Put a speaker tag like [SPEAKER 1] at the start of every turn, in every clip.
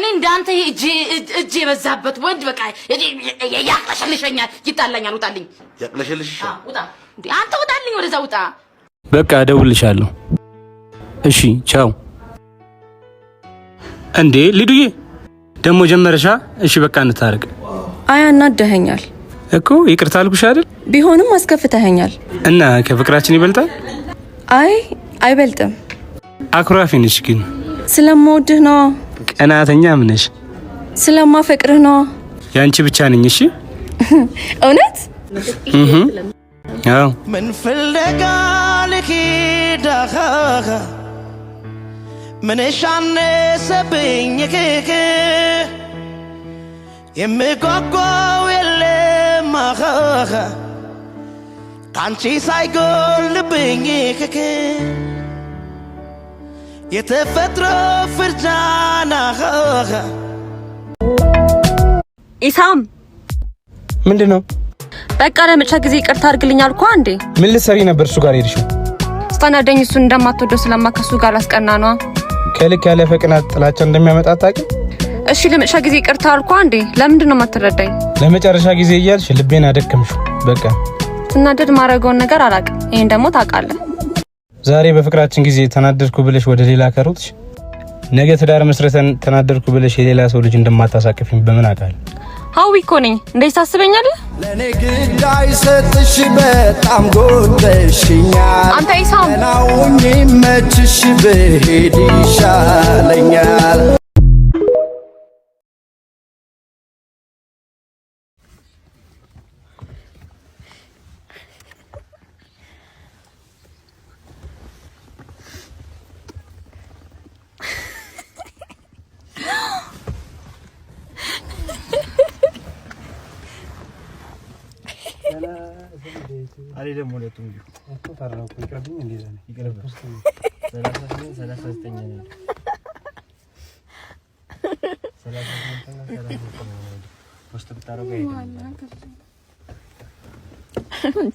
[SPEAKER 1] እኔ እንዳንተ እጅ የበዛበት ወንድ በቃ ያቅለሸልሸኛል፣ ይጣላኛል። ውጣልኝ! ያቅለሸልሽ አንተ ውጣልኝ! ወደዛ ውጣ!
[SPEAKER 2] በቃ እደውልልሻለሁ። እሺ፣ ቻው። እንዴ ሊዱዬ ደግሞ ጀመረሻ? እሺ፣ በቃ እንታረቅ።
[SPEAKER 3] አይ አናደኸኛል
[SPEAKER 2] እኮ ይቅርታ አልኩሽ አይደል?
[SPEAKER 3] ቢሆንም አስከፍተኸኛል።
[SPEAKER 2] እና ከፍቅራችን ይበልጣል?
[SPEAKER 3] አይ አይበልጥም።
[SPEAKER 2] አኩራፊ ነች ግን
[SPEAKER 3] ስለምወድህ ነው።
[SPEAKER 2] ቀናተኛ ምንሽ?
[SPEAKER 3] ስለማፈቅርህ ነው።
[SPEAKER 2] ያንቺ ብቻ ነኝ። እሺ
[SPEAKER 3] እውነት?
[SPEAKER 2] አዎ ምን ፍለጋ ልሂድ? ምንሽ አነሰብኝ? የምጓጓው የለም
[SPEAKER 1] ካንቺ ሳይጎልብኝ የተፈጥሮ ፍርዳና ኢሳም ምንድን ነው? በቃ ለመጨ ጊዜ ይቅርታ አድርግልኝ አልኳ። እንዴ
[SPEAKER 2] ምን ልትሰሪ ነበር እሱ ጋር ሄድሽ?
[SPEAKER 1] ስታናደኝ እሱን እንደማትወደው ስለማከሱ ጋር አስቀና ነዋ።
[SPEAKER 2] ከልክ ያለፈ ቅናት ጥላቻ እንደሚያመጣ ታውቂ?
[SPEAKER 1] እሺ ለመጨረሻ ጊዜ ይቅርታ አልኳ። እንዴ ለምንድን ነው የማትረዳኝ?
[SPEAKER 2] ለመጨረሻ ጊዜ እያልሽ ልቤን አደከምሽ። በቃ
[SPEAKER 1] ስናደድ ማድረገውን ነገር አላውቅም። ይሄን ደግሞ ታውቃለህ።
[SPEAKER 2] ዛሬ በፍቅራችን ጊዜ ተናደድኩ ብለሽ ወደ ሌላ ከሩትሽ ነገ ትዳር መስረተን ተናደድኩ ብለሽ የሌላ ሰው ልጅ እንደማታሳቅፊኝ በምን አውቃለሁ?
[SPEAKER 1] ሀዊ እኮ ነኝ። እንዴት ታስበኛለህ? ለኔ ግድ አይሰጥሽ፣ በጣም ጎደሽኛል። አንተ ይሳም ናውኝ መችሽ ብሄድ ይሻለኛል አሬ ደግሞ ሁለቱም እንዲሁ ታረኩ። ይቅርብኝ እንዴዛ ነው ይቅርብ። ሰላሳ ስምንት ሰላሳ ዘጠኝ ነው ሰላሳ ስምንትና ሰላሳ ዘጠኝ ነው ውስጥ ብታረጉ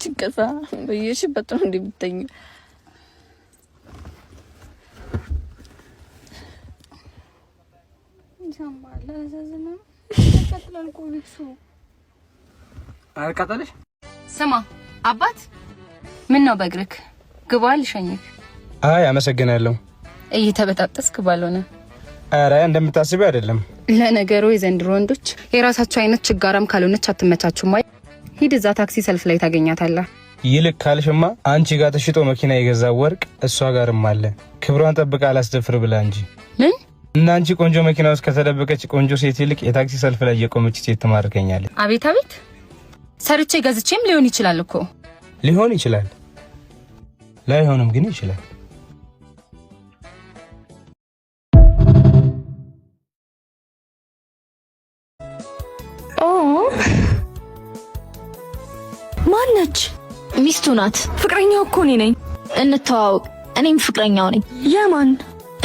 [SPEAKER 1] ችቀሳ በየሽበት ነው እንዴ ብተኝ
[SPEAKER 2] ይሰማል። ለዘዝና ተቀጥላል። ቆንሱ አልቃጠለሽ
[SPEAKER 1] ስማ አባት፣ ምን ነው በእግርክ ግባ፣ ልሸኝክ።
[SPEAKER 2] አይ አመሰግናለሁ።
[SPEAKER 1] እየተበጣጠስክ ባልሆነ።
[SPEAKER 2] አረ እንደምታስቢ አይደለም።
[SPEAKER 1] ለነገሩ የዘንድሮ ወንዶች የራሳቸው አይነት ችጋራም ካልሆነች አትመቻችሁም። አይ ሂድ፣ እዛ ታክሲ ሰልፍ ላይ ታገኛታለህ።
[SPEAKER 2] ይልቅ ካልሽማ አንቺ ጋር ተሽጦ መኪና የገዛ ወርቅ እሷ ጋርም አለ። ክብሯን ጠብቃ አላስደፍር ብላ እንጂ ምን እና አንቺ ቆንጆ መኪና ውስጥ ከተደበቀች ቆንጆ ሴት ይልቅ የታክሲ ሰልፍ ላይ የቆመች ሴት ትማርከኛለች።
[SPEAKER 1] አቤት አቤት ሰርቼ ገዝቼም ሊሆን ይችላል እኮ
[SPEAKER 2] ሊሆን ይችላል፣ ላይሆንም ግን ይችላል።
[SPEAKER 1] ማነች? ሚስቱ ናት። ፍቅረኛው እኮ እኔ ነኝ። እንተዋወቅ። እኔም ፍቅረኛው ነኝ። የማን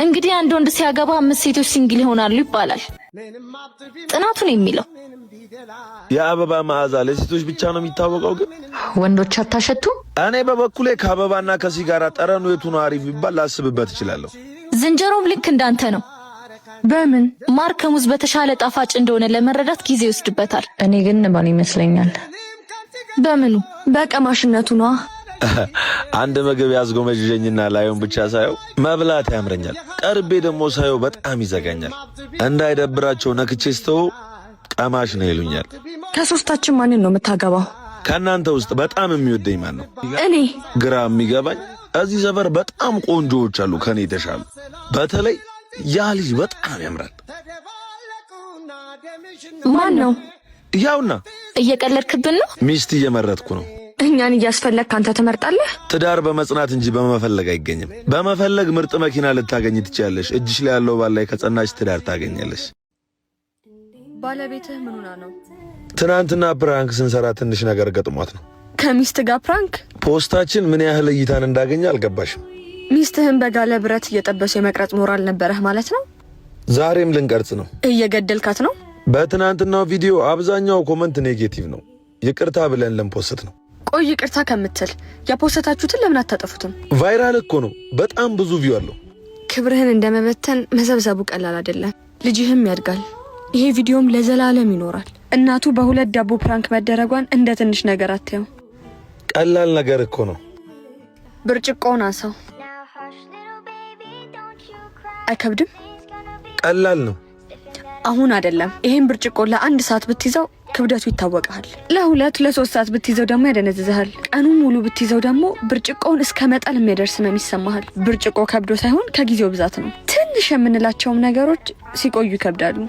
[SPEAKER 1] እንግዲህ አንድ ወንድ ሲያገባ አምስት ሴቶች ሲንግል ይሆናሉ ይባላል። ጥናቱን የሚለው
[SPEAKER 2] የአበባ መዓዛ ለሴቶች ብቻ ነው የሚታወቀው፣ ግን
[SPEAKER 1] ወንዶች አታሸቱ።
[SPEAKER 2] እኔ በበኩሌ ከአበባና ከሲጋራ ጠረኑ የቱ ነው አሪፍ ቢባል ላስብበት እችላለሁ።
[SPEAKER 1] ዝንጀሮም ልክ እንዳንተ ነው። በምን ማር ከሙዝ በተሻለ ጣፋጭ እንደሆነ ለመረዳት ጊዜ ይወስድበታል። እኔ ግን ንባን ይመስለኛል። በምኑ በቀማሽነቱ ነዋ።
[SPEAKER 2] አንድ ምግብ ያዝጎመዥኝና ላዩን ብቻ ሳየው መብላት ያምረኛል። ቀርቤ ደግሞ ሳየው በጣም ይዘጋኛል። እንዳይደብራቸው ነክቼ ስተው ቀማሽ ነው ይሉኛል።
[SPEAKER 1] ከሶስታችን ማንን ነው የምታገባው?
[SPEAKER 2] ከእናንተ ውስጥ በጣም የሚወደኝ ማን ነው? እኔ ግራ የሚገባኝ እዚህ ሰፈር በጣም ቆንጆዎች አሉ ከኔ የተሻሉ። በተለይ ያ ልጅ በጣም ያምራል። ማን ነው? ያውና
[SPEAKER 1] እየቀለድክብን ነው።
[SPEAKER 2] ሚስት እየመረጥኩ ነው።
[SPEAKER 1] እኛን እያስፈለግ ካንተ ትመርጣለህ።
[SPEAKER 2] ትዳር በመጽናት እንጂ በመፈለግ አይገኝም። በመፈለግ ምርጥ መኪና ልታገኝ ትችያለሽ። እጅሽ ላይ ያለው ባል ላይ ትዳር ታገኛለሽ። ባለቤትህ ምኑና ነው? ትናንትና ፕራንክ ስንሰራ ትንሽ ነገር ገጥሟት ነው።
[SPEAKER 1] ከሚስት ጋር ፕራንክ።
[SPEAKER 2] ፖስታችን ምን ያህል እይታን እንዳገኘ አልገባሽም።
[SPEAKER 1] ሚስትህን በጋለ ብረት እየጠበሱ የመቅረጽ ሞራል ነበረህ ማለት ነው።
[SPEAKER 2] ዛሬም ልንቀርጽ ነው።
[SPEAKER 1] እየገደልካት ነው።
[SPEAKER 2] በትናንትናው ቪዲዮ አብዛኛው ኮመንት ኔጌቲቭ ነው። ይቅርታ ብለን ልንፖስት ነው።
[SPEAKER 1] ቆይ ይቅርታ ከምትል ያፖሰታችሁትን ለምን አታጠፉትም?
[SPEAKER 2] ቫይራል እኮ ነው፣ በጣም ብዙ ቪው አለው።
[SPEAKER 1] ክብርህን እንደመበተን መሰብሰቡ ቀላል አይደለም። ልጅህም ያድጋል፣ ይሄ ቪዲዮም ለዘላለም ይኖራል። እናቱ በሁለት ዳቦ ፕራንክ መደረጓን እንደ ትንሽ ነገር አትየው።
[SPEAKER 2] ቀላል ነገር እኮ ነው።
[SPEAKER 1] ብርጭቆውን አንሳው። አይከብድም። ቀላል ነው። አሁን አይደለም። ይሄን ብርጭቆ ለአንድ ሰዓት ብትይዘው ክብደቱ ይታወቃል። ለሁለት ለሶስት ሰዓት ብትይዘው ደግሞ ያደነዝዝሃል። ቀኑ ሙሉ ብትይዘው ደግሞ ብርጭቆውን እስከ መጣል የሚያደርስ ነው የሚሰማሃል። ብርጭቆ ከብዶ ሳይሆን ከጊዜው ብዛት ነው። ትንሽ የምንላቸውም ነገሮች ሲቆዩ ይከብዳሉ።